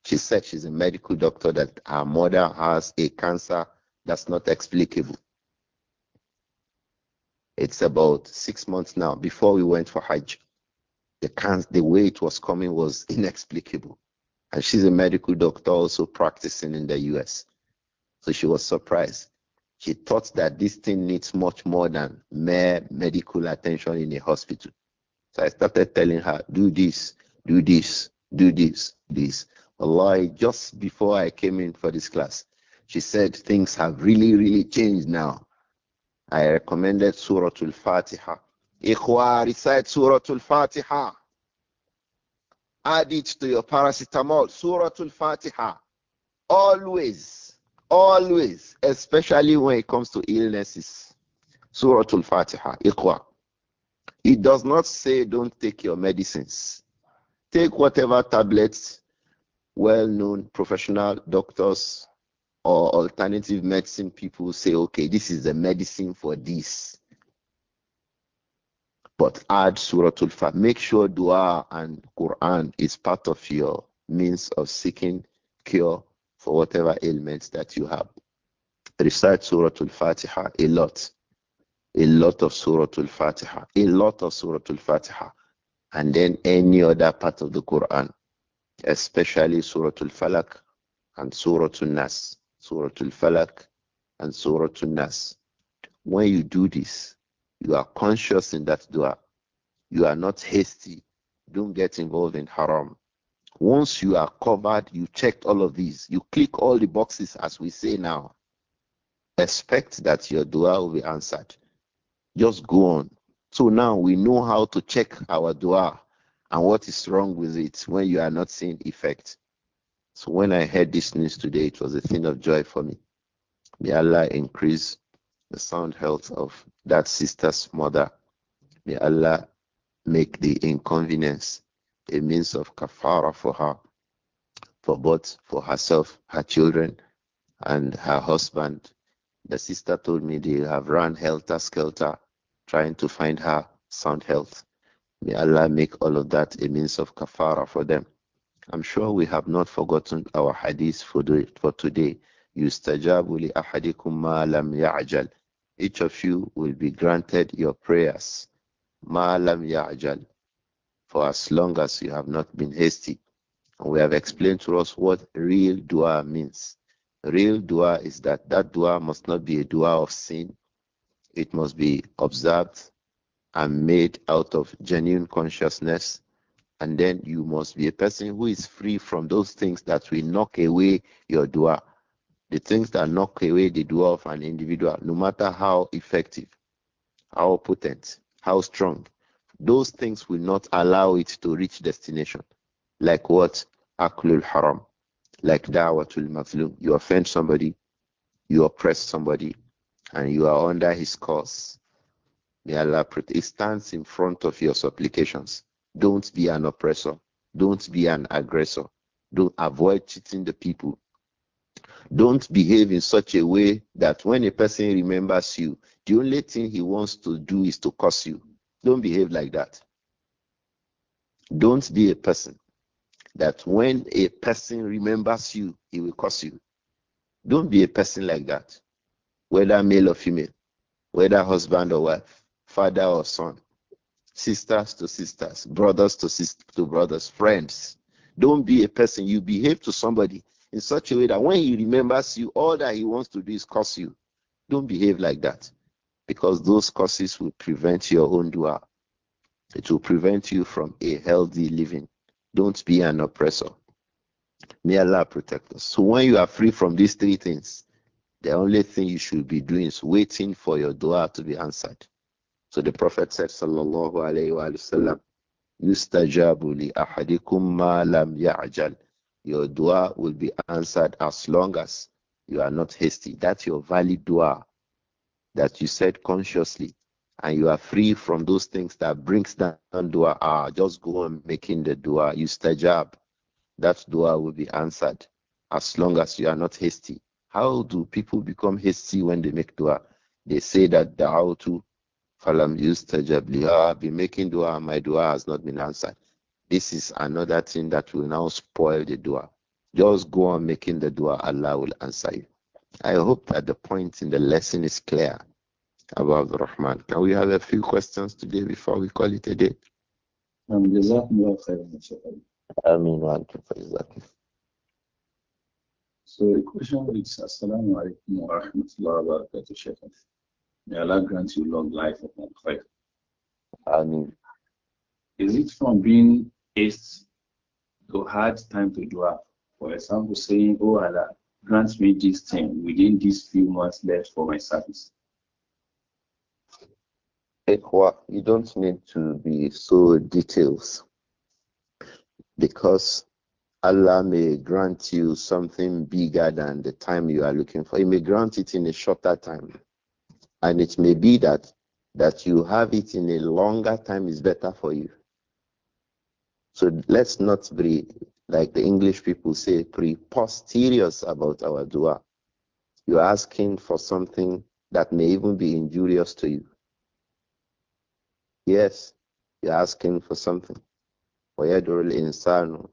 A: She said she's a medical doctor that her mother has a cancer that's not explicable. It's about six months now. Before we went for Hajj, the, can- the way it was coming was inexplicable. And she's a medical doctor also practicing in the US. So she was surprised. She thought that this thing needs much more than mere medical attention in a hospital. So I started telling her, do this, do this, do this, this. Allah, just before I came in for this class, she said things have really, really changed now. I recommended Surah Al-Fatiha. Ikhwa, recite Surah Al-Fatiha. Add it to your paracetamol, Suratul Fatiha. Always, always, especially when it comes to illnesses. Suratul Fatiha, Iqwa. It does not say don't take your medicines. Take whatever tablets well known professional doctors or alternative medicine people say, okay, this is the medicine for this. But add Surah Al-Fatiha. Make sure dua and Quran is part of your means of seeking cure for whatever ailments that you have. Recite Surah Al-Fatiha a lot. A lot of Surah Al-Fatiha. A lot of Surah Al-Fatiha. And then any other part of the Quran, especially Surah Al-Falaq and Surah Al-Nas. Surah Al-Falaq and Surah Al-Nas. When you do this, you are conscious in that dua. You are not hasty. Don't get involved in haram. Once you are covered, you checked all of these. You click all the boxes as we say now. Expect that your dua will be answered. Just go on. So now we know how to check our dua and what is wrong with it when you are not seeing effect. So when I heard this news today, it was a thing of joy for me. May Allah increase the sound health of that sister's mother. May Allah make the inconvenience a means of kafara for her, for both for herself, her children, and her husband. The sister told me they have run helter skelter trying to find her sound health. May Allah make all of that a means of kafara for them. I'm sure we have not forgotten our hadith for, for today. Yustajabu li ahadikum ma lam ya'jal. Each of you will be granted your prayers. Ma lam ya'jal. For as long as you have not been hasty. we have explained to us what real dua means. Real dua is that that dua must not be a dua of sin. It must be observed and made out of genuine consciousness. And then you must be a person who is free from those things that will knock away your dua. The things that knock away the door of an individual, no matter how effective, how potent, how strong, those things will not allow it to reach destination. Like what? Aklul haram. Like dawatul mazlum. You offend somebody, you oppress somebody, and you are under his curse. May Allah protect. It stands in front of your supplications. Don't be an oppressor. Don't be an aggressor. Don't avoid cheating the people. Don't behave in such a way that when a person remembers you, the only thing he wants to do is to curse you. Don't behave like that. Don't be a person that when a person remembers you, he will curse you. Don't be a person like that, whether male or female, whether husband or wife, father or son, sisters to sisters, brothers to, sis- to brothers, friends. Don't be a person. You behave to somebody in such a way that when he remembers you, all that he wants to do is curse you. Don't behave like that because those curses will prevent your own dua. It will prevent you from a healthy living. Don't be an oppressor. May Allah protect us. So when you are free from these three things, the only thing you should be doing is waiting for your dua to be answered. So the Prophet said, Sallallahu Alaihi Wasallam, Yustajabu li ahadikum ma lam ya'jal your dua will be answered as long as you are not hasty. That's your valid dua that you said consciously, and you are free from those things that brings down dua. Ah, just go on making the dua. You stajab. That dua will be answered as long as you are not hasty. How do people become hasty when they make dua? They say that da'autu falam yustajab li. Ah, I've been making dua, my dua has not been answered. This is another thing that will now spoil the dua. Just go on making the dua, Allah will answer you. I hope that the point in the lesson is clear about the Rahman. Can we have a few questions today before we call it a day? Um, Ameen wa antum So the question is Assalamu alaikum wa rahmatullahi wa barakatuh, May Allah grant you long life upon khair. Ameen. Is it from being is a hard time to up. For example, saying, Oh Allah, grant me this thing within these few months left for my service. you don't need to be so details because Allah may grant you something bigger than the time you are looking for. He may grant it in a shorter time. And it may be that that you have it in a longer time is better for you. So let's not be like the English people say preposterous about our dua. You're asking for something that may even be injurious to you. Yes, you're asking for something. ويدعو الإنسان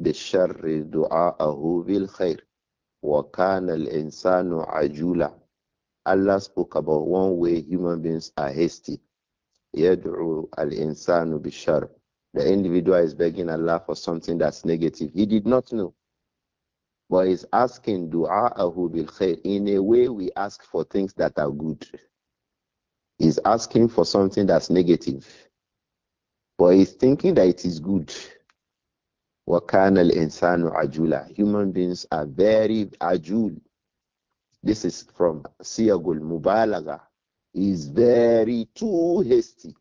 A: بالشر دعاءه بالخير وكان الإنسان عجولا Allah spoke about one way human beings are hasty. Yad'u al-insanu The individual is begging Allah for something that's negative. He did not know. But he's asking du'a'ahu bil khair. In a way, we ask for things that are good. He's asking for something that's negative. But he's thinking that it is good. وَكَانَ الْإِنسَانُ عَجُولًا Human beings are very ajul. This is from Siyagul Mubalaga is very too hasty.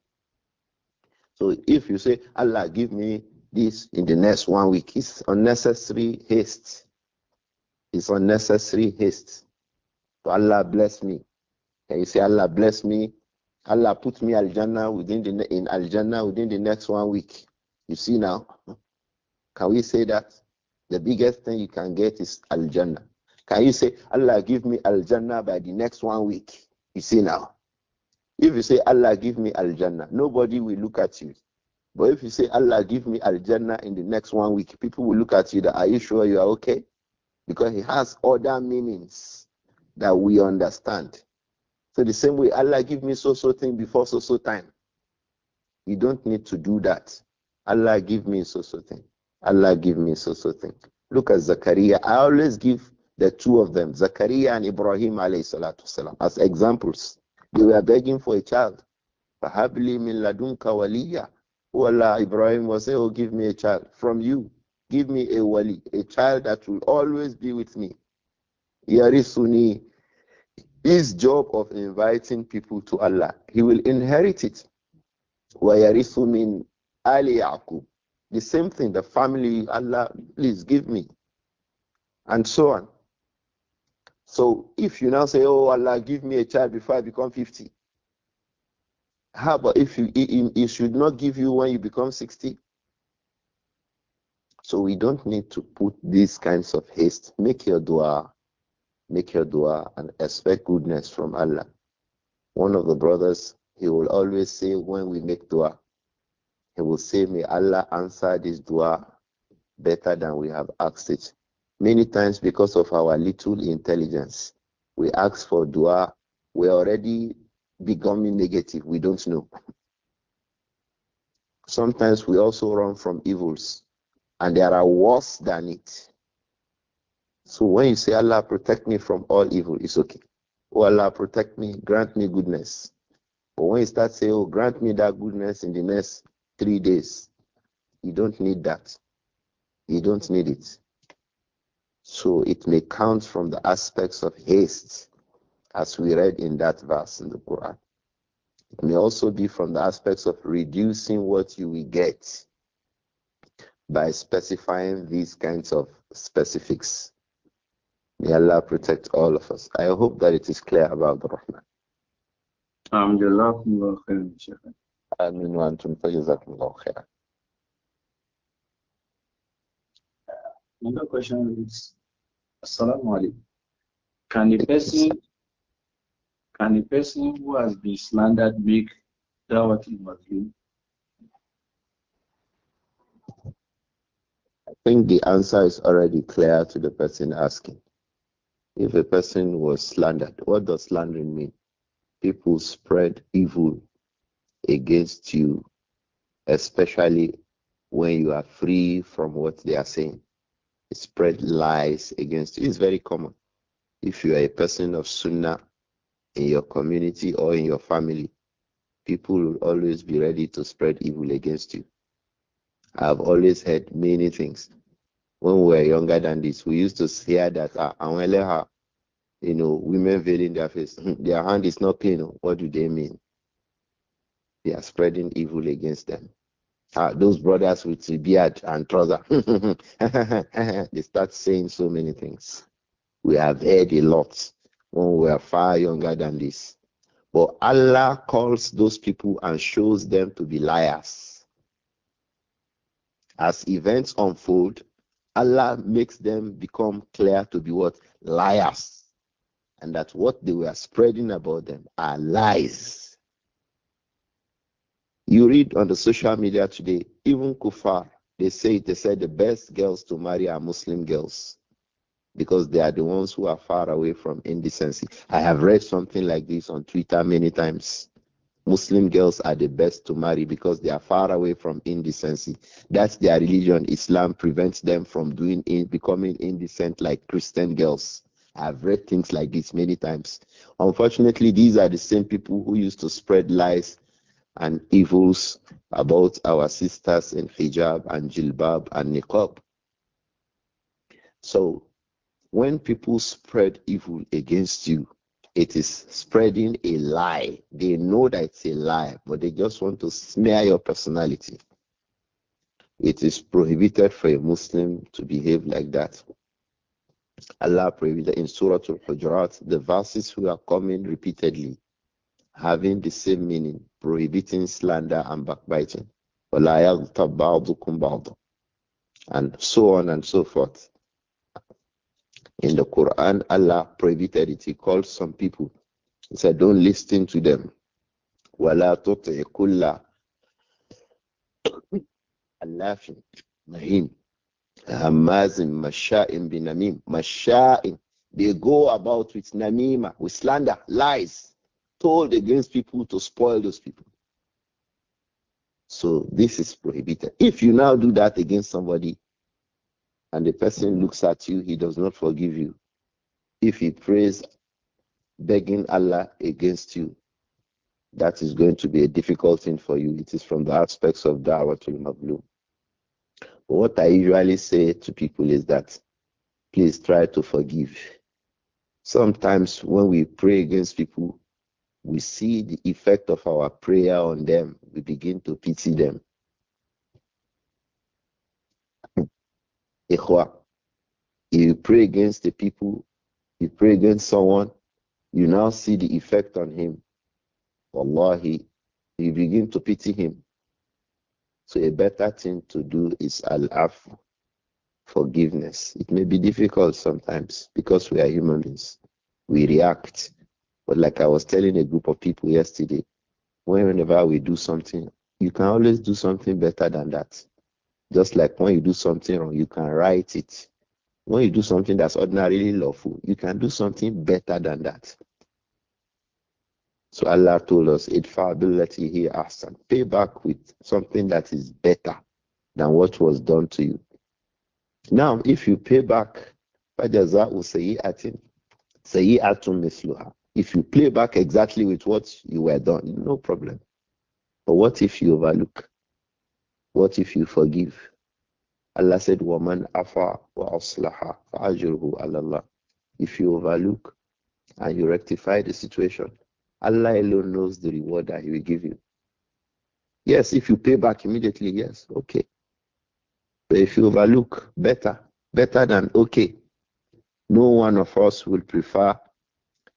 A: So if you say, Allah, give me this in the next one week, it's unnecessary haste. It's unnecessary haste. So Allah bless me. Can you say, Allah bless me? Allah put me Al within the in Al Jannah within the next one week. You see now, can we say that? The biggest thing you can get is Al Jannah. Can you say, Allah give me Al Jannah by the next one week? You see now, if you say, Allah, give me Al Jannah, nobody will look at you. But if you say, Allah, give me Al Jannah in the next one week, people will look at you that, are you sure you are okay? Because he has other meanings that we understand. So the same way, Allah, give me so so thing before so so time. You don't need to do that. Allah, give me so so thing. Allah, give me so so thing. Look at Zakaria. I always give the two of them, Zakaria and Ibrahim alayhi salatu salam, as examples. They were begging for a child. Fahabli min ladunka waliya. Oh Allah Ibrahim was saying, Oh, give me a child from you. Give me a wali, a child that will always be with me. Yarisuni, his job of inviting people to Allah, he will inherit it. Wayarisu min Ali Yaqub. The same thing, the family, Allah, please give me. And so on. So if you now say, Oh Allah, give me a child before I become 50, how about if you, it, it should not give you when you become 60? So we don't need to put these kinds of haste. Make your dua, make your dua, and expect goodness from Allah. One of the brothers, he will always say when we make dua, he will say, May Allah answer this dua better than we have asked it. Many times, because of our little intelligence, we ask for dua. We're already becoming negative. We don't know. Sometimes we also run from evils, and there are worse than it. So when you say, Allah, protect me from all evil, it's okay. Oh, Allah, protect me, grant me goodness. But when you start saying, oh, grant me that goodness in the next three days, you don't need that. You don't need it. So it may count from the aspects of haste, as we read in that verse in the Quran. It may also be from the aspects of reducing what you will get by specifying these kinds of specifics. May Allah protect all of us. I hope that it is clear about the Rahman. Another question is Assalamu alaikum. Can the person can the person who has been slandered make dua in Muslim? I think the answer is already clear to the person asking. If a person was slandered, what does slandering mean? People spread evil against you, especially when you are free from what they are saying spread lies against you. It's very common. If you are a person of Sunnah in your community or in your family, people will always be ready to spread evil against you. I've always heard many things. When we were younger than this, we used to hear that uh, you know, women veiling their face, hmm, their hand is not clean. Oh. What do they mean? They are spreading evil against them. Uh, those brothers with beard and trouser, they start saying so many things. We have heard a lot when we are far younger than this. But Allah calls those people and shows them to be liars. As events unfold, Allah makes them become clear to be what? Liars. And that what they were spreading about them are lies. You read on the social media today, even Kufar, they say they said the best girls to marry are Muslim girls because they are the ones who are far away from indecency. I have read something like this on Twitter many times. Muslim girls are the best to marry because they are far away from indecency. That's their religion. Islam prevents them from doing in, becoming indecent like Christian girls. I've read things like this many times. Unfortunately, these are the same people who used to spread lies and evils about our sisters in hijab and jilbab and niqab. So, when people spread evil against you, it is spreading a lie. They know that it's a lie, but they just want to smear your personality. It is prohibited for a Muslim to behave like that. Allah prohibited in Surah Al-Hujurat, the verses who are coming repeatedly, having the same meaning prohibiting slander and backbiting. And so on and so forth. In the Quran, Allah prohibited it. He called some people. He said, Don't listen to them. laughing Nahim. Hamazin Masha'in bin Namim. Masha'in. They go about with Namima, with slander, lies told against people to spoil those people. So this is prohibited. If you now do that against somebody and the person looks at you, he does not forgive you. If he prays begging Allah against you, that is going to be a difficult thing for you. It is from the aspects of Da'watul mabloom. But what I usually say to people is that please try to forgive. Sometimes when we pray against people, we see the effect of our prayer on them. We begin to pity them. You pray against the people, you pray against someone, you now see the effect on him. Wallahi, you begin to pity him. So a better thing to do is al forgiveness. It may be difficult sometimes because we are human beings. We react but like I was telling a group of people yesterday, whenever we do something, you can always do something better than that. Just like when you do something wrong, you can right it. When you do something that's ordinarily lawful, you can do something better than that. So Allah told us, "Idfa'bilati he and Pay back with something that is better than what was done to you. Now, if you pay back, say, I سَيِّئَةٌ مِثْلُهَا if you play back exactly with what you were done, no problem. But what if you overlook? What if you forgive? Allah said, Woman afa wa aslaha fa'ajruhu Allah. If you overlook and you rectify the situation, Allah alone knows the reward that He will give you. Yes, if you pay back immediately, yes, okay. But if you overlook, better, better than okay. No one of us will prefer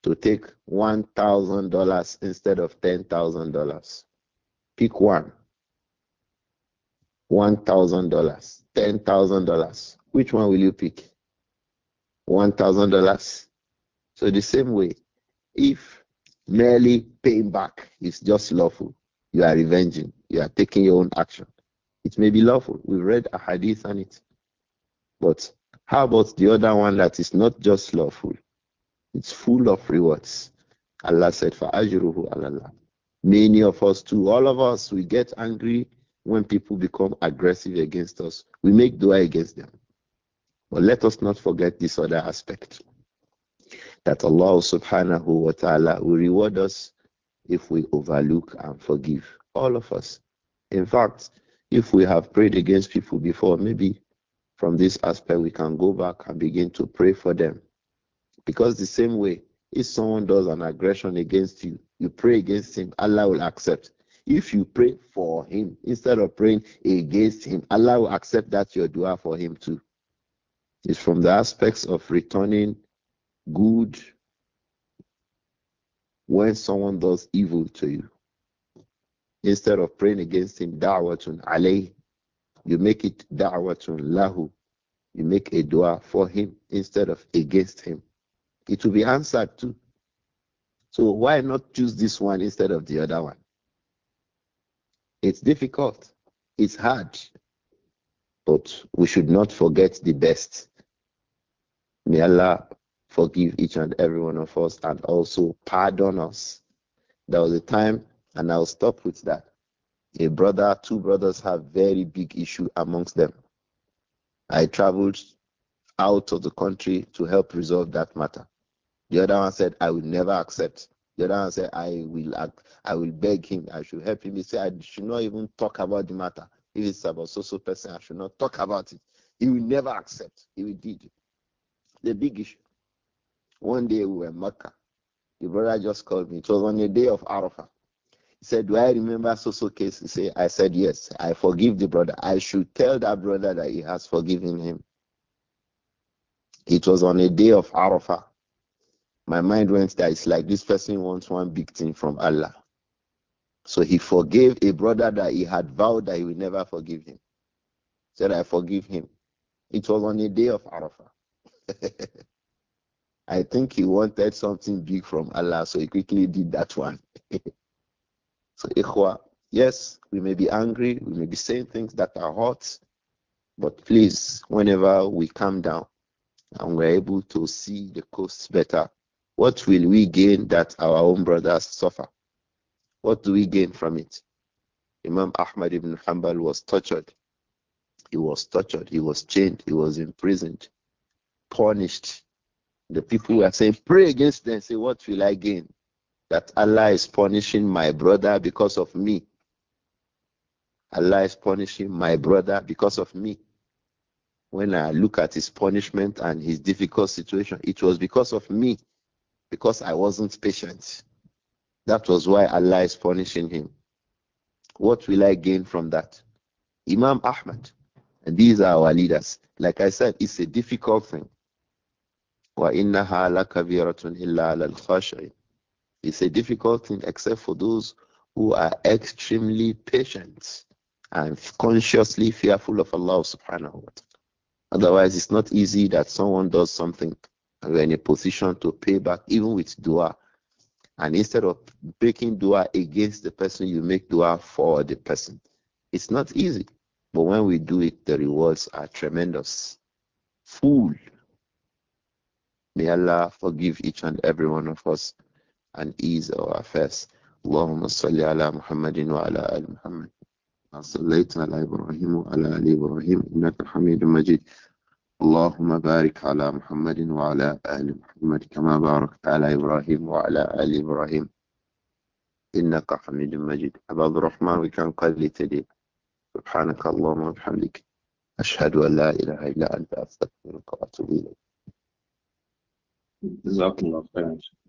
A: to take $1,000 instead of $10,000. Pick one. $1,000, $10,000. Which one will you pick? $1,000. So the same way, if merely paying back is just lawful, you are revenging, you are taking your own action. It may be lawful. We've read a hadith on it. But how about the other one that is not just lawful? It's full of rewards. Allah said, فَأَجْرُهُ Allah. Many of us too, all of us, we get angry when people become aggressive against us. We make dua against them. But let us not forget this other aspect. That Allah subhanahu wa ta'ala will reward us if we overlook and forgive. All of us. In fact, if we have prayed against people before, maybe from this aspect we can go back and begin to pray for them because the same way, if someone does an aggression against you, you pray against him, Allah will accept. If you pray for him instead of praying against him, Allah will accept that your dua for him too. It's from the aspects of returning good when someone does evil to you. Instead of praying against him, da'watun alayh, you make it da'watun lahu. You make a dua for him instead of against him it will be answered too. So why not choose this one instead of the other one? It's difficult, it's hard, but we should not forget the best. May Allah forgive each and every one of us and also pardon us. There was a time, and I'll stop with that. A brother, two brothers have very big issue amongst them. I traveled out of the country to help resolve that matter. The other one said, I will never accept. The other one said, I will act, I will beg him, I should help him. He said, I should not even talk about the matter. If it's about social person, I should not talk about it. He will never accept. He will did. The big issue. One day we were in Mecca. The brother just called me. It was on the day of Arafah. He said, Do I remember so case? He said, I said, Yes, I forgive the brother. I should tell that brother that he has forgiven him. It was on a day of Arafah. My mind went that It's like this person wants one big thing from Allah. So he forgave a brother that he had vowed that he would never forgive him. Said, I forgive him. It was on the day of Arafah. I think he wanted something big from Allah, so he quickly did that one. so, Ikhwa, yes, we may be angry, we may be saying things that are hot, but please, whenever we calm down and we're able to see the coast better, what will we gain that our own brothers suffer? What do we gain from it? Imam Ahmad ibn Hanbal was tortured. He was tortured. He was chained. He was imprisoned, punished. The people were saying, Pray against them. Say, What will I gain? That Allah is punishing my brother because of me. Allah is punishing my brother because of me. When I look at his punishment and his difficult situation, it was because of me because I wasn't patient. That was why Allah is punishing him. What will I gain from that? Imam Ahmad, and these are our leaders. Like I said, it's a difficult thing. It's a difficult thing except for those who are extremely patient and consciously fearful of Allah subhanahu wa ta'ala. Otherwise, it's not easy that someone does something we're in a position to pay back even with dua. And instead of making dua against the person, you make dua for the person. It's not easy, but when we do it, the rewards are tremendous. Fool. May Allah forgive each and every one of us and ease our affairs. اللهم صل على محمد وعلى آل محمد صليت على إبراهيم وعلى آل إبراهيم إنك حميد مجيد اللهم بارك على محمد وعلى آل محمد كما باركت على إبراهيم وعلى آل إبراهيم إنك حميد مجيد أبا الرحمن وكان قد لتدي سبحانك اللهم وبحمدك أشهد أن لا إله إلا أنت أستغفرك وأتوب إليك جزاك الله خيرا